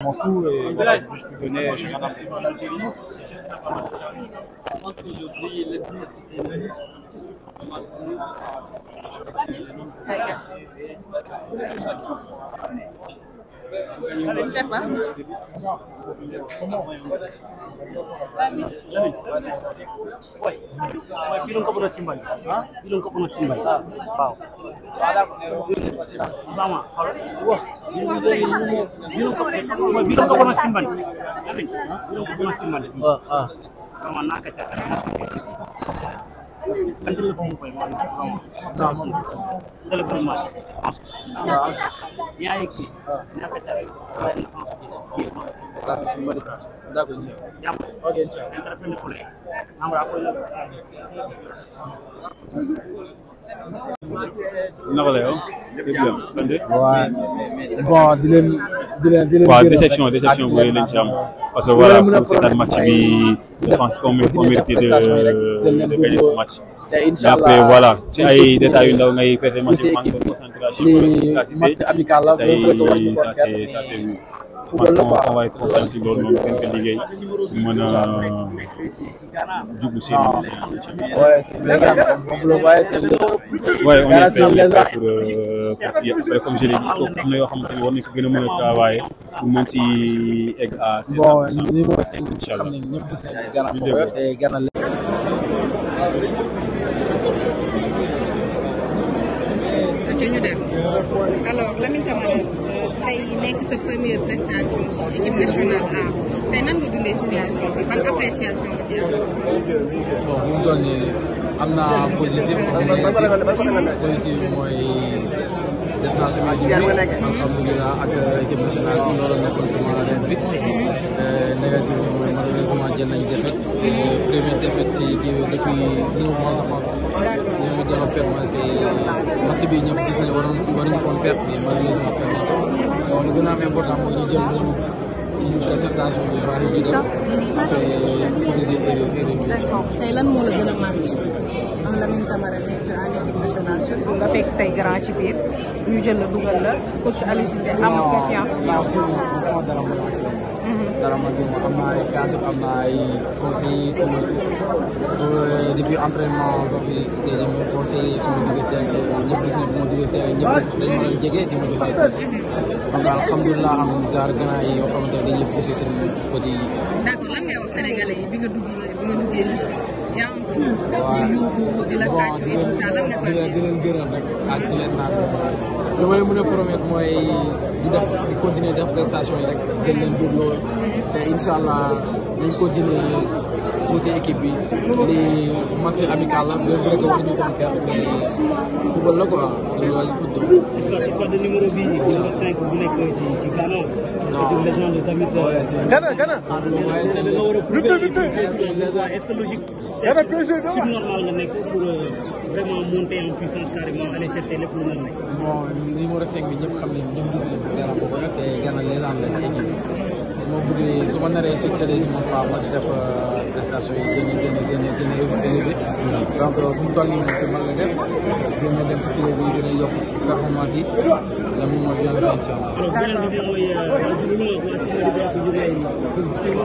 avant tout et euh, voilà, juste vous donner euh, rien à Je pense qu'aujourd'hui, l'efficacité est dommage pour nous. Seba. Boy, boy pilong ka po ng simbal. Ha? Pilong ka po ng simbal. Wow. Tama. Wah, bilong ka po ng simbal. Bilong ka po ng simbal. Ah, ah. Tama, nakachat. Nakachat. Until the home point, one from Brazil, celebrate my Yaki, Nakata, and the hospital. Okay, naka la yow. sant. waaw bon di leen di leen di leen. waaw déception déception bu lañ que voilà comme seetaan de de gagner match. mais après voilà ci ay détails yu ndaw ngay perte match bi manque de concentration. la capacité loolu la quoi waaw waaw si loolu noonu gën ko liggéey mën a jublu seen i séance incha allah. waaye on est prêt pour euh, comme je l'ai dit foofu am na yoo xamante ne war nañu ko gën a mën a travailler mën si egg à. bon tey nekk sa première prestation ci équipe nationale A tey nan nga dundee situation bi ban appréciation nga si am. bon fu mu toll nii am na positif am na positif mooy def naa sama jiw alhamdulilah ak équipe nationale bi loolu nekkoon sama rêve bi négatif bi mooy malheureusement jël nañ défaite première défaite ci Guéwé depuis neuf mois je pense ñu ngi doon permettre match bi ñëpp gis nañ waroon waruñu ko perte mais malheureusement perte donc li gën a am important mooy ñu jëm suñu yi ñu def après ñu moo la gën a marqué am Lamine Camara nekk à l'équipe nationale surtout nga fekk say grand ci biir ñu jël la dugal la coach Aliou Cissé am confiance. waaw waaw dara dara ma gis am na ay cadre am na ay conseillers tout euh, depuis entraînement ba fi tey jii mooy conseillers su ma duggee si terrain ñëpp gis nañ bu ma duggee si terrain ñëpp dañ ma doon jege di ma jox ay conseils kon daal alhamdulilah am yi yoo xamante ne dañuy focus seen petit. d'accord lan ngay wax yi bi nga duggee bi nga yaa ngi fi di leen gërëm rek ak di leen naan li mën a promettre mooy di def di continuer def rek gën leen góorgóorlu te incha allah nañ continuer. pousser équipe bi lii match amical la nga bëri ko war nañu ko am faire mais football la quoi loolu la ñu football. histoire histoire de numéro bi numéro nekk ci ci Ghana. c'est une légende tamit. Euh, Ghana Ghana. waaye ah, c'est nekk pour euh, vraiment nekk. numéro 5 bi ñëpp xam nañu ñoom ñoo ko def dara boobu nag te Ghana légende si équipe su ma bëggee su ma naree succès si moom faa ma def euh, prestation yi gën a gën a gën a gën a élevé donc euh, fu mu toll nii moom si man la def gën a dem si club yi gën a yokk performance yi la moom mooy yoon la incha allah.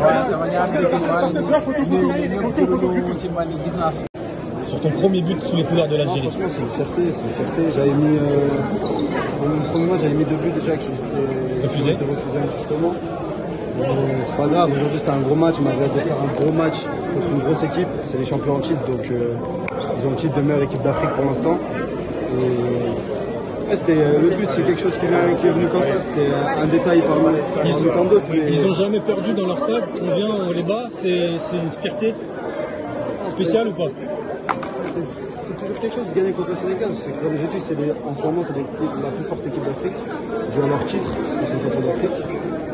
waaw sama ñaar dëkk maa ngi nuyu ñëpp ci lu si man gis naa sur ton premier but sous les couleurs de l'Algérie Franchement, c'est une fierté, c'est une fierté. J'avais mis, euh, pour mon premier match, j'avais mis deux buts déjà qui étaient refusés, refusés injustement. Euh, c'est pas grave, aujourd'hui c'était un gros match, malgré de faire un gros match contre une grosse équipe, c'est les champions en titre, donc euh, ils ont le titre de meilleure équipe d'Afrique pour l'instant. Et... Ouais, euh, le but, c'est quelque chose qui est, qui est venu comme ça, c'était un détail parmi, ils parmi ont, tant d'autres. Mais... Ils n'ont jamais perdu dans leur stade, on vient, on les bat, c'est une fierté spéciale ou pas c'est toujours quelque chose de gagner contre le Sénégal. Comme j'ai dit, les, en ce moment, c'est la plus forte équipe d'Afrique, dû à leur titre, parce qu'ils sont champions d'Afrique.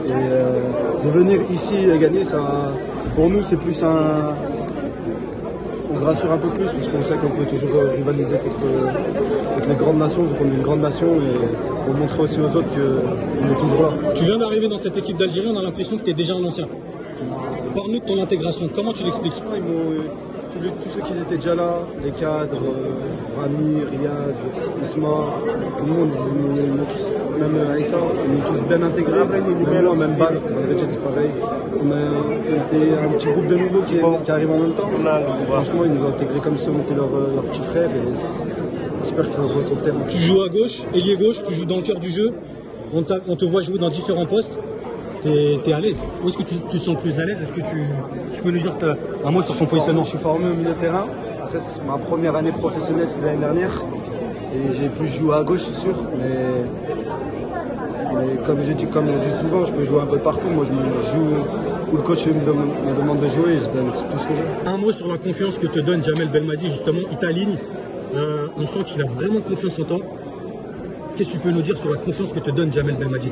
Et euh, de venir ici et gagner, ça, pour nous, c'est plus un. On se rassure un peu plus parce qu'on sait qu'on peut toujours euh, rivaliser contre, contre les grandes nations, vu qu'on est une grande nation et pour montrer aussi aux autres qu'on est toujours là. Tu viens d'arriver dans cette équipe d'Algérie, on a l'impression que tu es déjà un ancien. Parle-nous de ton intégration, comment tu l'expliques euh, tous, ceux qui étaient déjà là, les cadres, euh, Rami, Riyad, Isma, nous on, on, on, on tous même Aïssa, on est tous bien intégrés. Ah, même moi, même Bal, c'est pareil. On a un petit groupe de nouveaux qui, qui arrive en même temps. Franchement, ils nous ont intégrés comme si on était leur, leur petit frère. J'espère que ça se voit sur le terrain. Tu joues à gauche, ailier gauche, tu joues dans le cœur du jeu. On, on te voit jouer dans différents postes. Tu es, es, à l'aise. Où est-ce que tu te sens plus à l'aise Est-ce que tu, tu, peux nous dire un mot sur ton positionnement Je suis formé au milieu de terrain. Après, ma première année professionnelle, c'était l'année dernière. Et j'ai plus joué à gauche, c'est sûr. Mais Mais comme je dis, comme je dis souvent, je peux jouer un peu partout. Moi, je me joue où le coach me demande, me demande de jouer et je donne tout ce que j'ai. Un mot sur la confiance que te donne Jamel Belmadi, justement, il t'aligne. Euh, on sent qu'il a vraiment confiance en toi. Qu'est-ce que tu peux nous dire sur la confiance que te donne Jamel Belmadi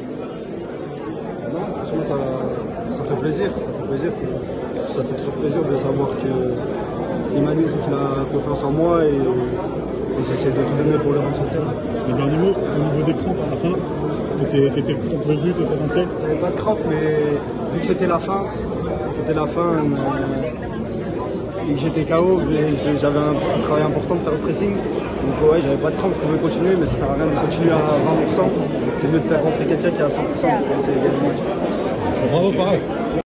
non, franchement, ça, ça, fait plaisir. Ça fait plaisir. Que, ça fait toujours plaisir de savoir que Simani, c'est qu'il a confiance en moi et et j'essaie de donner pour le rendre sur le au niveau des crampes à la fin, t'étais convaincu, t'étais rincé J'avais pas de crampes, mais vu que la fin, c'était la fin euh, et que j'étais KO, j'avais un, un, de faire le pressing. Donc pas de crampes, je pouvais continuer, mais ça sert à de continuer à 20%. C'est mieux de faire rentrer quelqu'un qui est à 100% pour essayer de gagner le match. Bravo Faras